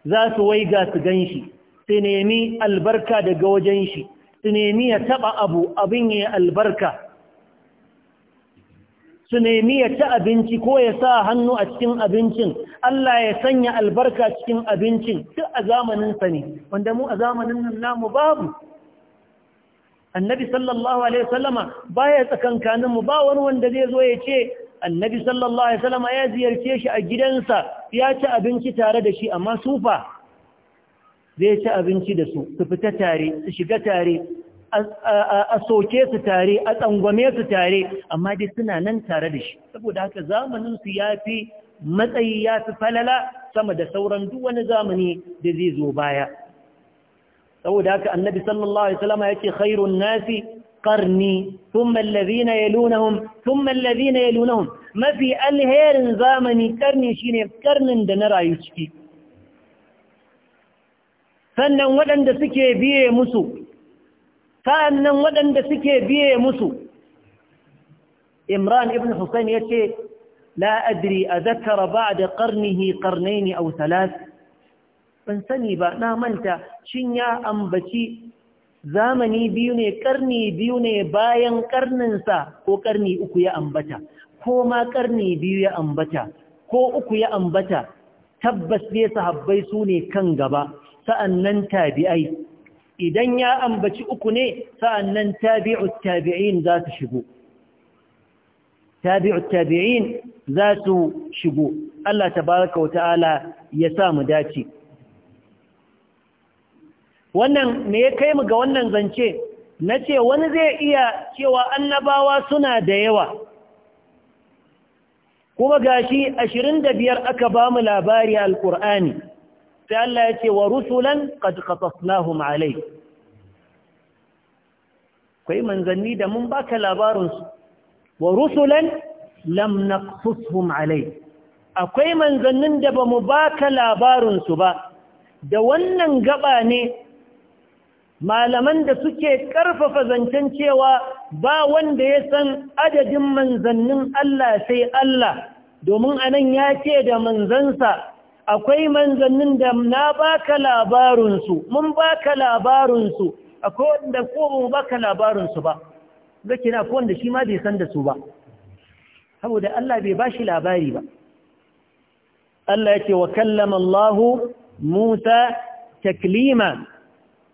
za su waiga su gan shi su nemi albarka daga wajen shi su nemi ya taba abu abin ya albarka su nemi ya ci abinci ko ya sa hannu a cikin abincin Allah ya sanya albarka cikin abincin duk a zamaninsa ne wanda mu a zamanin nan namu babu annabi sallallahu alaihi wasallama baya tsakankanin mu ba wani wanda zai zo ya ce annabi sallallahu alaihi wasallama ya ziyarce shi a gidansa ya ci abinci tare da shi amma sufa zai ci abinci da su su fita tare su shiga tare a soke su tare a tsangwame su tare amma dai suna nan tare da shi saboda haka zamanin su yafi matsayi ya fi falala sama da sauran duk wani zamani da zai zo baya saboda haka annabi sallallahu alaihi wasallam yake khairun nasi qarni thumma alladhina yalunhum thumma alladhina yalunhum mafi alherin zamani karni shine karnin da na rayu ciki sannan waɗanda suke biye musu sa'annan waɗanda suke biye musu imran ibn husayn yace la adri adhkara ba'da qarnihi qarnayn aw thalath ban sani ba na manta shin ya ambaci zamani biyu ne karni biyu ne bayan karninsa ko karni uku ya ambata ko ma karni biyu ya ambata ko uku ya ambata tabbas dai sahabbai su ne kan gaba sa'annan tabi'ai idan ya ambaci uku ne sa'annan tabi'ut tabi'in za su shigo tabi'ut tabi'in za su shigo Allah tabaraka wa ta'ala ya sa mu dace wannan me ya kai mu ga wannan zance na ce wani zai iya cewa annabawa suna da yawa kuma gashi ashirin da biyar aka ba mu labari alƙur'ani sai Allah ya ce wa rusulan qad qasasnahum alai kai manzanni da mun baka labarin su wa rusulan lam naqsushum alai akwai manzannin da bamu baka labarin su ba da wannan gaba ne malaman da suke ƙarfafa zancen cewa ba wanda ya san adadin manzannin Allah sai Allah domin a nan ya ce da manzansa akwai manzannin da na baka labarinsu mun baka labarinsu akwai wanda ko ba baka labarinsu ba zaki na kowanda shi ma bai san da su ba saboda Allah bai bashi labari ba Allah ya ce wa kallama Allahu Musa taklima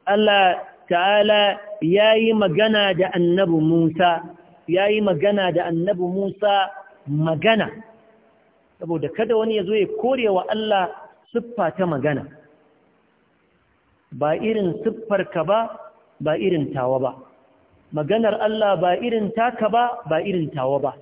Allah ta'ala ya yi magana da Annabu Musa ya yi magana da Annabu Musa magana saboda kada wani ya zo ya kore wa Allah siffa ta magana ba irin siffarka ba ba irin tawa ba maganar Allah ba irin taka ba ba irin tawa ba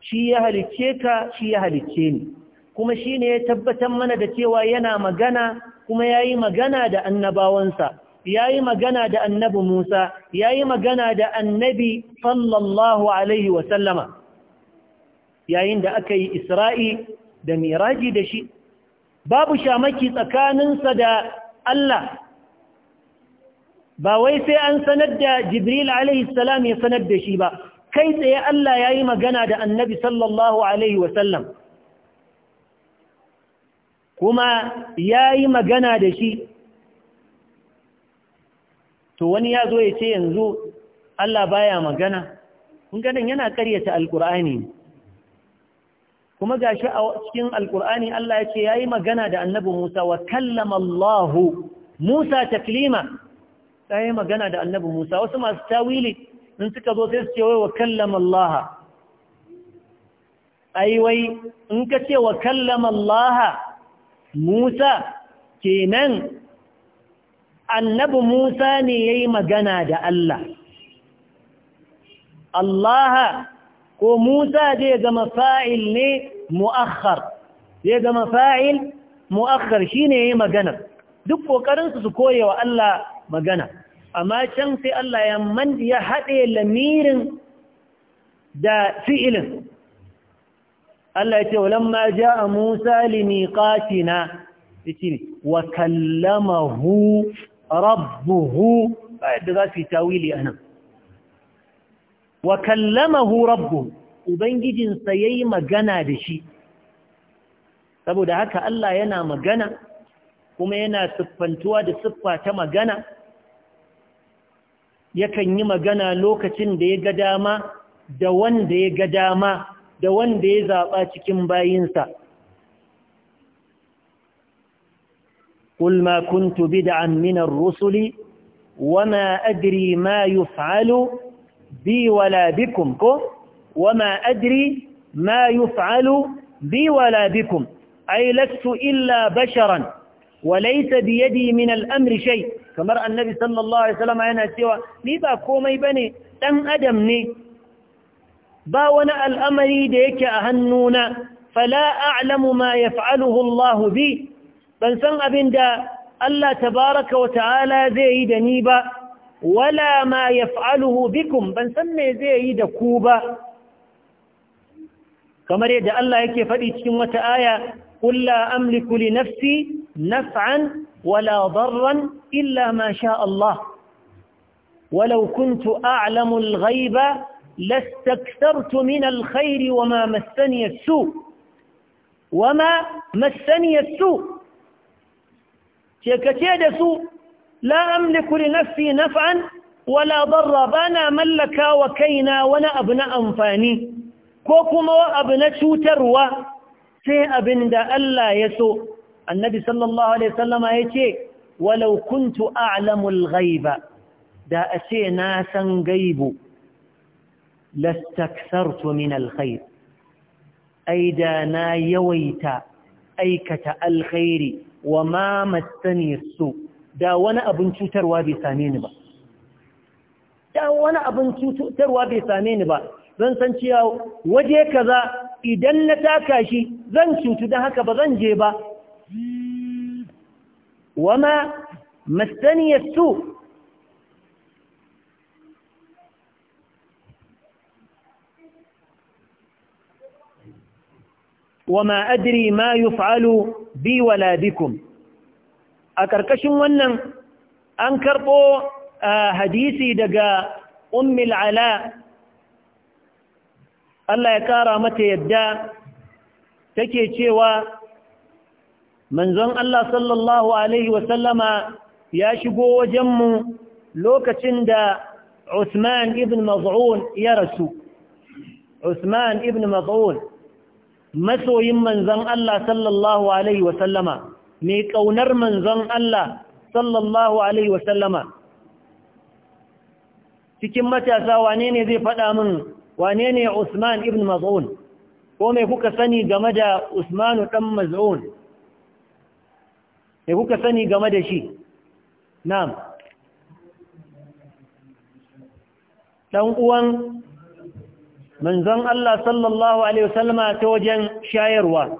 shi ya halicce ka shi ya halicce ni kuma shi ne ya tabbatar mana da cewa yana magana kuma ya yi magana da annabawansa yayi magana da annabi Musa yayi magana da annabi sallallahu alaihi wa sallama yayin da aka yi Isra'i da Miraji da shi babu shamaki tsakaninsa da Allah ba wai sai an sanar da Jibril alaihi salam ya sanar da shi ba kai tsaye Allah yayi magana da annabi sallallahu alaihi wa sallam kuma yayi magana da shi to wani ya zo ya ce yanzu Allah baya magana kun ganin yana karyata alkur'ani kuma gashi a cikin alkur'ani Allah ya ce yayi magana da annabi Musa wa kallama Allah Musa taklima yayi magana da annabi Musa wasu masu tawili in suka zo sai su ce wai wa kallama Allah ai wai in ka ce wa kallama Allah Musa kenan annabi Musa ne ya yi magana da Allah. Allah ko Musa zai zama fa'il ne mu'akhar, zai zama fa'il mu'akhar shi ne ya yi magana. Duk ƙoƙarinsu su koye wa Allah magana, amma can sai Allah ya man ya haɗe lamirin da fi'ilin. Allah ya ce, ma ja a Musa limi ƙasina, ya ce, wa kallama hu rabbuhu ba yadda za su yi tawili a nan wa kallamahu rabbuhu ubangijinsa ya yi magana da shi saboda haka Allah yana magana kuma yana siffantuwa da siffa ta magana yakan yi magana lokacin da ya ga dama da wanda ya ga dama da wanda ya zaɓa cikin bayinsa قل ما كنت بدعا من الرسل وما أدري ما يفعل بي ولا بكم وما أدري ما يفعل بي ولا بكم أي لست إلا بشرا وليس بيدي من الأمر شيء كما النبي صلى الله عليه وسلم أنا سوى لبا كومي بني تن أدمني باونا الأمر ديك أهنونا فلا أعلم ما يفعله الله بي ban san abin da Allah tabaraka wa ta'ala zai yi da ni ba wala ma yaf'aluhu bikum ban san me zai yi da ku ba kamar yadda Allah yake faɗi cikin wata aya kulla amliku li nafsi naf'an wala darran illa ma sha Allah walau kuntu a'lamu al-ghaiba lastaktartu min al-khairi wama massani as-su wama massani as-su دسو لا أملك لنفسي نفعا ولا ضر بنا ملكا وكينا ونا أبنا أنفاني كوكما وأبناء شوتروا سي أبن دا ألا يسو النبي صلى الله عليه وسلم يتي ولو كنت أعلم الغيب دا أسي ناسا غيب لستكثرت من الخير أي دا نا يويت أي كتأ الخيري wa ma matsani su da wani abin cutarwa bai same ni ba da wani abin cutarwa bai same ni ba zan san cewa waje kaza idan na taka shi zan cutu don haka ba zan je ba wama masaniyar su wama adri ma yuf'alu bi wala a ƙarƙashin wannan an karɓo hadisi daga ummil ala Allah ya ƙara mata yadda take cewa manzon Allah sallallahu Alaihi wasallama ya shigo wajenmu lokacin da Usman ibn Maz'un ya rasu Usman ibn Maz'un masoyin manzon Allah sallallahu alaihi sallama mai kaunar manzon Allah sallallahu alaihi sallama cikin matasa wane ne zai faɗa min wane ne Usman ibn Maz'un ko me kuka sani game da Usmanu dan Maz'un Me kuka sani game da shi na'am dan uwan manzon Allah sallallahu alaihi wasallama ta wajen shayarwa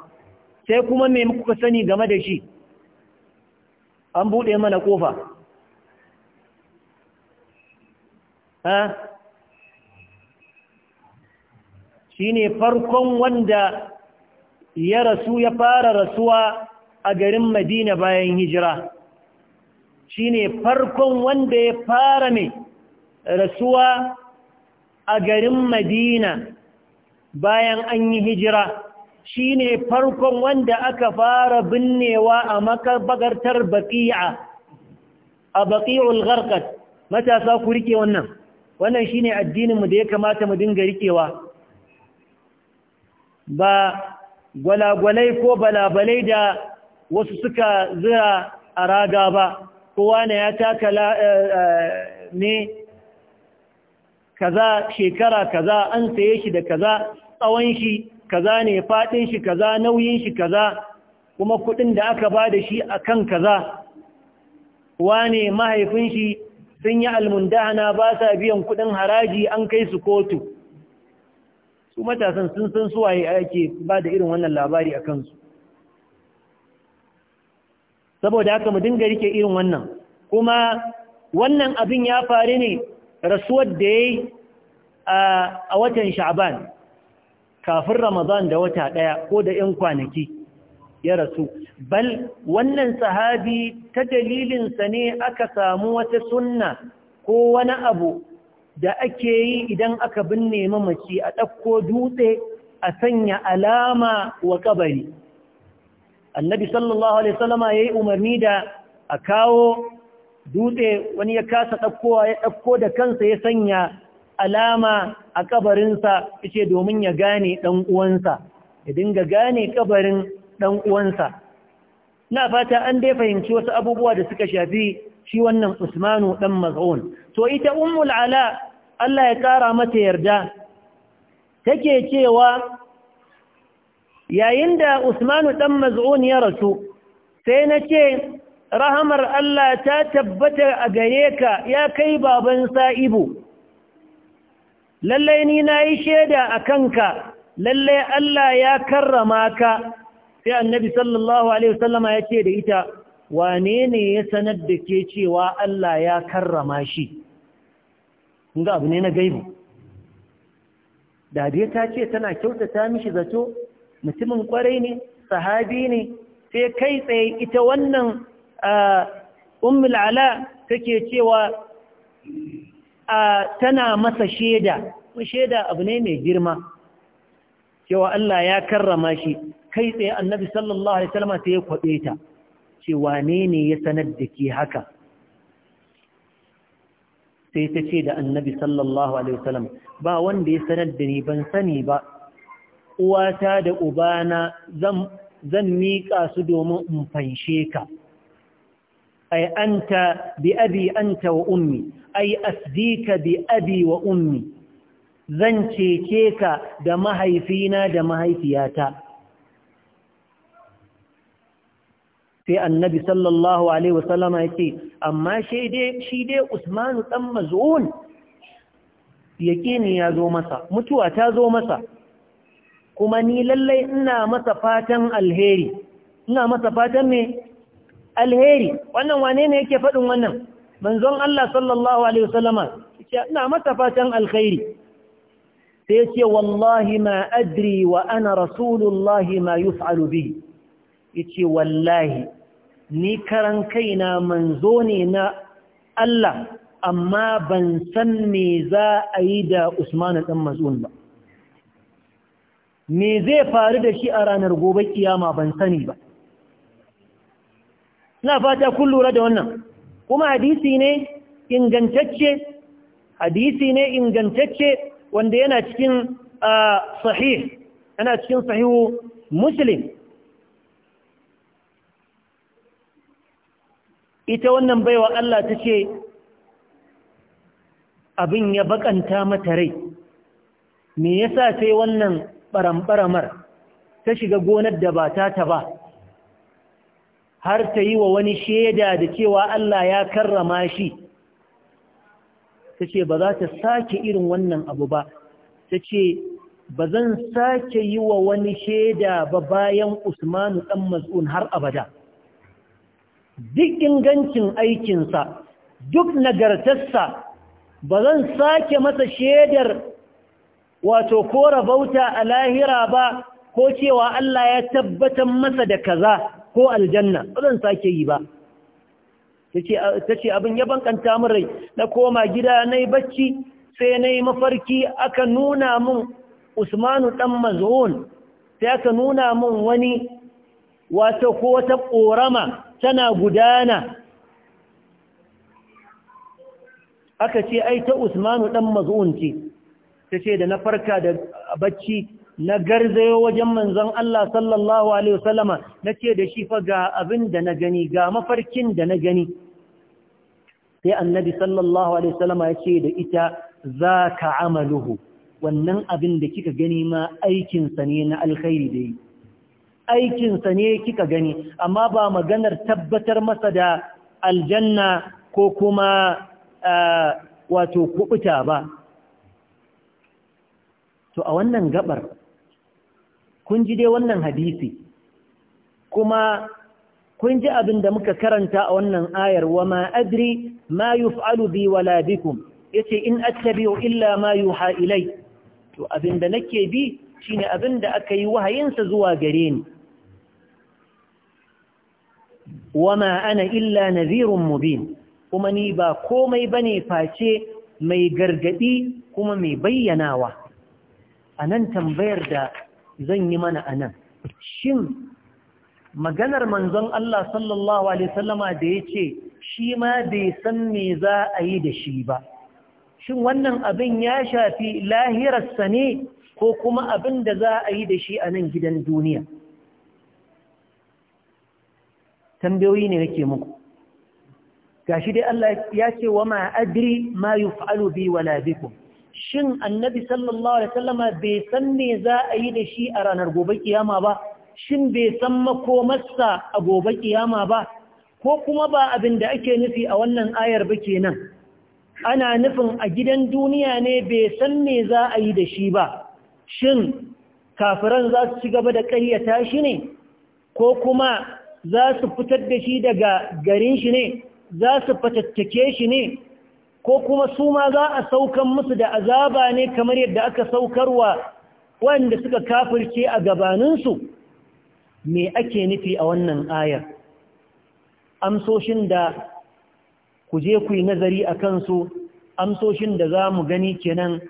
sai kuma me muka sani game da shi an bude mana ƙofa? ha shine farkon wanda ya rasu ya fara rasuwa a garin Madina bayan hijira shine farkon wanda ya fara mai rasuwa a garin Madina bayan an yi hijira shi ne farkon wanda aka fara binnewa a makabagartar baƙi'a a baƙi'ul garkat matasa ku rike wannan wannan shi ne addininmu da ya kamata mu dinga rikewa ba gwalagwalai ko balabalai da wasu suka zira a raga ba kowa na ya taka eh, eh, ne kaza shekara kaza an saye shi da kaza tsawon shi kaza ne fadin shi kaza nauyin shi kaza kuma kudin da aka ba da shi akan kaza wane mahaifin shi sun yi almundahana ba sa biyan kudin haraji an kai su kotu su matasan sun san suwaye ake ba da irin wannan labari a kansu saboda haka mu dinga rike irin wannan kuma wannan abin ya faru ne rasuwar da ya yi a watan sha'aban kafin ramadan da wata ɗaya ko da ‘yan kwanaki ya rasu bal wannan sahabi ta dalilinsa ne aka samu wata sunna ko wani abu da ake yi idan aka binne mamaci a ɗauko dutse a sanya alama wa ƙabari. annabi sallallahu alaihi wasallama yi umarni da a kawo dutse wani ya kasa ɗaukowa ya ɗauko da kansa ya sanya alama a kabarinsa ce domin ya gane ɗan uwansa ya dinga gane kabarin ɗan uwansa na fata an dai fahimci wasu abubuwa da suka shafi shi wannan usmanu ɗan maz'un to ita ummul ala Allah ya ƙara mata yarda take cewa yayin da usmanu ɗan maz'un ya rasu sai na ce rahamar Allah ta tabbata a gare ka ya kai baban sa'ibu lallai ni na yi shaida a kanka lallai Allah ya karrama ka sai annabi sallallahu alaihi wasallama ya ce da ita wane ne ya sanar da ke cewa Allah ya karrama shi ga abu ne na gaibu dadiya ta ce tana kyautata mishi zato mutumin kwarai ne sahabi ne sai kai tsaye ita wannan ummul ala take cewa tana masa shaida shaida abu ne mai girma cewa Allah ya karrama shi kai tsaye annabi sallallahu alaihi wasallam sai ya kwabe ta cewa ne ya sanar da ke haka sai ta ce da annabi sallallahu alaihi wasallam ba wanda ya sanar da ni ban sani ba uwata da ubana zan zan miƙa su domin in fanshe ka أي أنت بأبي أنت وأمي أي أفديك بأبي وأمي zan cece ka da mahaifina da mahaifiyata sai annabi sallallahu alaihi wasallam ya ce amma shi dai usmanu dan mazun yaƙini ya zo masa mutuwa ta zo masa kuma ni lallai ina masa fatan alheri ina masa fatan me alheri wannan wane ne yake faɗin wannan manzon Allah sallallahu alaihi wasallama ina masa fatan alkhairi sai ce wallahi ma adri wa ana rasulullahi ma yuf'alu bi yace wallahi ni karan kaina manzo ne na Allah amma ban san me za a yi da Usman dan Maz'un ba me zai faru da shi a ranar gobe kiyama ban sani ba ina fata kun lura da wannan kuma hadisi ne ingantacce hadisi ne ingantacce wanda yana cikin sahih yana cikin sahihu muslim ita wannan baiwa Allah ta ce abin ya bakanta mata rai me yasa sai wannan barambaramar ta shiga gonar da ba ta ta ba har ta yi wa wani shaida da cewa Allah ya karrama shi ta ce ba za ta sake irin wannan abu ba ta ce ba zan sake yi wa wani shaida ba bayan usmanu ɗan mazun har abada duk ingancin aikinsa duk nagartarsa ba zan sake masa shaidar wato kora bauta a lahira ba ko cewa Allah ya tabbatar masa da kaza ko aljanna ba zan sake yi ba tace ce abin ya bankanta min rai na koma gida nayi bacci sai nayi mafarki aka nuna min usmanu dan sai aka nuna min wani wata ko wata ƙorama tana gudana aka ce ai ta usmanu ɗan mazon ce tace da na farka da bacci na garzayo wajen manzon Allah sallallahu alaihi wasallama nace da shi fa ga abin da na gani ga mafarkin da na gani sai annabi sallallahu alaihi wasallama yace da ita za ka amaluhu wannan abin da kika gani ma aikin ne na alkhairi da aikin Aikinsa ne kika gani amma ba maganar tabbatar masa da aljanna ko kuma wato kubuta ba to a wannan gabar kun ji dai wannan hadisi kuma kun ji abin da muka karanta a wannan ayar wa ma adri ma yuf'alu bi wala bikum yace in attabi'u illa ma yuha ilai to abin da nake bi shine abin da aka yi wahayinsa zuwa gare ni wa ma ana illa nadhirun mubin kuma ni ba komai bane face mai gargadi kuma mai bayyanawa anan tambayar da zan yi mana a nan. shin maganar manzon Allah sallallahu alaihi wasallama da yace shi ma bai san me za a yi da shi ba shin wannan abin ya shafi lahirarsa ne ko kuma abin da za a yi da shi a nan gidan duniya tambayoyi ne yake muku gashi dai Allah ya ce wa ma adri ma yuf'alu bi wala shin annabi sallallahu alaihi wasallama bai san me za a yi da shi a ranar gobe kiyama ba shin bai san makomarsa a gobe kiyama ba ko kuma ba abin da ake nufi a wannan ayar ba kenan ana nufin a gidan duniya ne bai san me za a yi da shi ba shin kafiran za su ci gaba da ƙaryata shi ne ko kuma za su fitar da shi daga garin shi ne za su fatattake shi ne ko kuma su ma za a saukan musu da azaba ne kamar yadda aka saukarwa wanda suka kafirce a gabaninsu me ake nufi a wannan ayar amsoshin da ku je ku yi nazari a kansu amsoshin da za mu gani kenan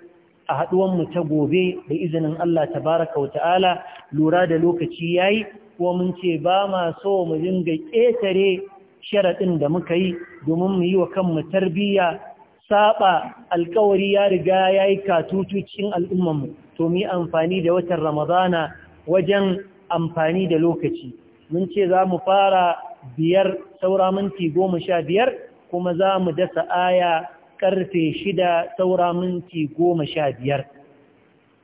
a mu ta gobe da izinin Allah tabaraka wa ta'ala lura da lokaci ya yi mun ce ba ma so mu dinga ƙetare sharaɗin da muka yi domin mu yi wa kanmu tarbiyya saba alkawari ya riga ya yi katutu cikin al'ummanmu to mu amfani da watan ramadana wajen amfani da lokaci mun ce za mu fara biyar saura minti goma sha biyar kuma za mu dasa aya karfe shida saura minti goma sha biyar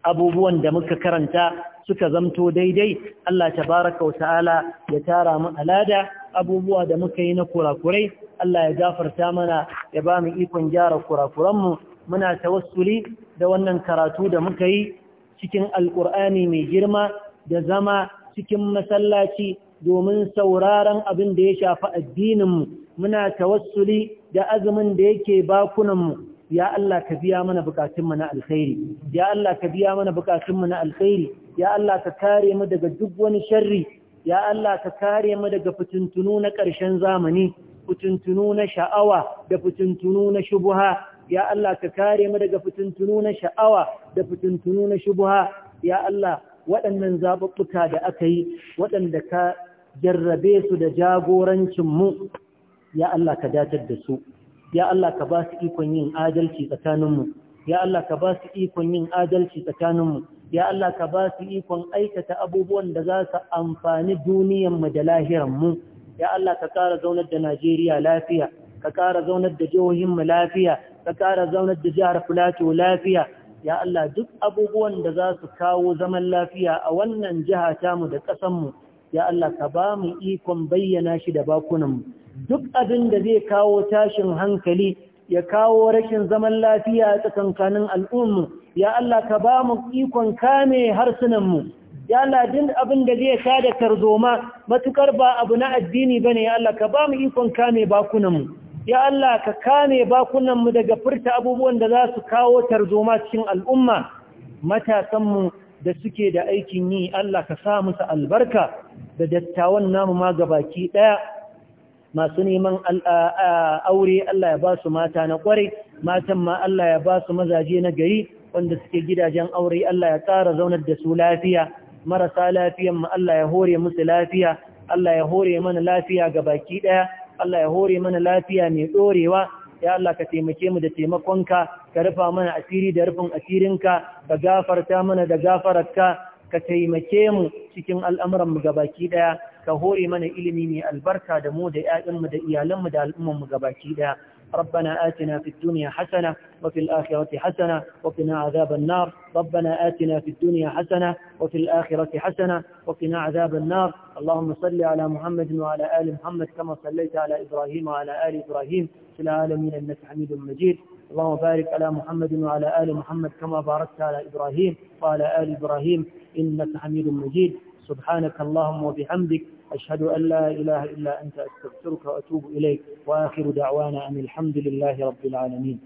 abubuwan da muka karanta suka zamto daidai Allah tabaraka wa ta'ala ya tara mu alada abubuwa da muka yi na kurakurai Allah ya gafarta mana ya ba mu ikon gyara kurakuranmu muna tawassuli da wannan karatu da muka yi cikin alkur'ani mai girma da zama cikin masallaci domin sauraron abin da ya shafi addininmu muna tawassuli da azumin da yake bakunanmu ya Allah ka biya mana bukatunmu na alkhairi ya Allah ka biya mana bukatunmu na alkhairi ya Allah ka kare mu daga duk wani sharri ya Allah ka kare mu daga fitintunu na ƙarshen zamani fitintunu na sha'awa da fitintunu na shubuha ya Allah ka kare mu daga fitintunu na sha'awa da fitintunu na shubuha ya Allah waɗannan zaɓuɓɓuka da aka yi waɗanda ka jarrabe su da jagorancin mu ya Allah ka datar da su ya Allah ka ba su ikon yin adalci tsakaninmu ya Allah ka ba su ikon yin adalci tsakaninmu ya Allah ka ba su ikon aikata abubuwan da za su amfani duniyarmu da mu. ya Allah ka ƙara zaunar da Najeriya lafiya ka ƙara zaunar da jihohinmu lafiya ka ƙara zaunar da jihar Filato lafiya ya Allah duk abubuwan da za su kawo zaman lafiya a wannan jiha tamu da ƙasanmu ya Allah ka ba mu ikon bayyana shi da bakunanmu duk abin da zai kawo tashin hankali ya kawo rashin zaman lafiya a tsakankanin al'ummu ya Allah ka ba mu ikon kame harsunanmu ya Allah din abin da zai sa da tarzoma matukar ba abu na addini bane ya Allah ka ba mu ikon kame bakunanmu ya Allah ka kame bakunanmu daga furta abubuwan da za su kawo tarzoma cikin al'umma matasanmu da suke da aikin yi Allah ka sa musu albarka da dattawan namu ma gabaki daya masu neman aure Allah ya ba su mata na kwarai matan ma Allah ya ba su mazaje na gari wanda suke gidajen aure Allah ya tsara zaunar da su lafiya marasa lafiyan mu Allah ya hore musu lafiya Allah ya hore mana lafiya ga baki daya Allah ya hore mana lafiya mai dorewa ya Allah ka taimake mu da taimakonka ka rufa mana asiri da rufin asirinka ka gafarta mana da gafararka ka taimake mu cikin al'amuran mu baki daya ka hore mana ilimi mai albarka da mu da ƴaƴan mu da iyalan mu da al'umman mu baki daya ربنا آتنا في الدنيا حسنة وفي الآخرة حسنة وقنا عذاب النار ربنا آتنا في الدنيا حسنة وفي الآخرة حسنة وقنا عذاب النار اللهم صل على محمد وعلى آل محمد كما صليت على إبراهيم وعلى آل إبراهيم في العالمين إنك حميد مجيد اللهم بارك على محمد وعلى آل محمد كما باركت على إبراهيم وعلى آل إبراهيم إنك حميد مجيد سبحانك اللهم وبحمدك أشهد أن لا إله إلا أنت أستغفرك وأتوب إليك وآخر دعوانا أن الحمد لله رب العالمين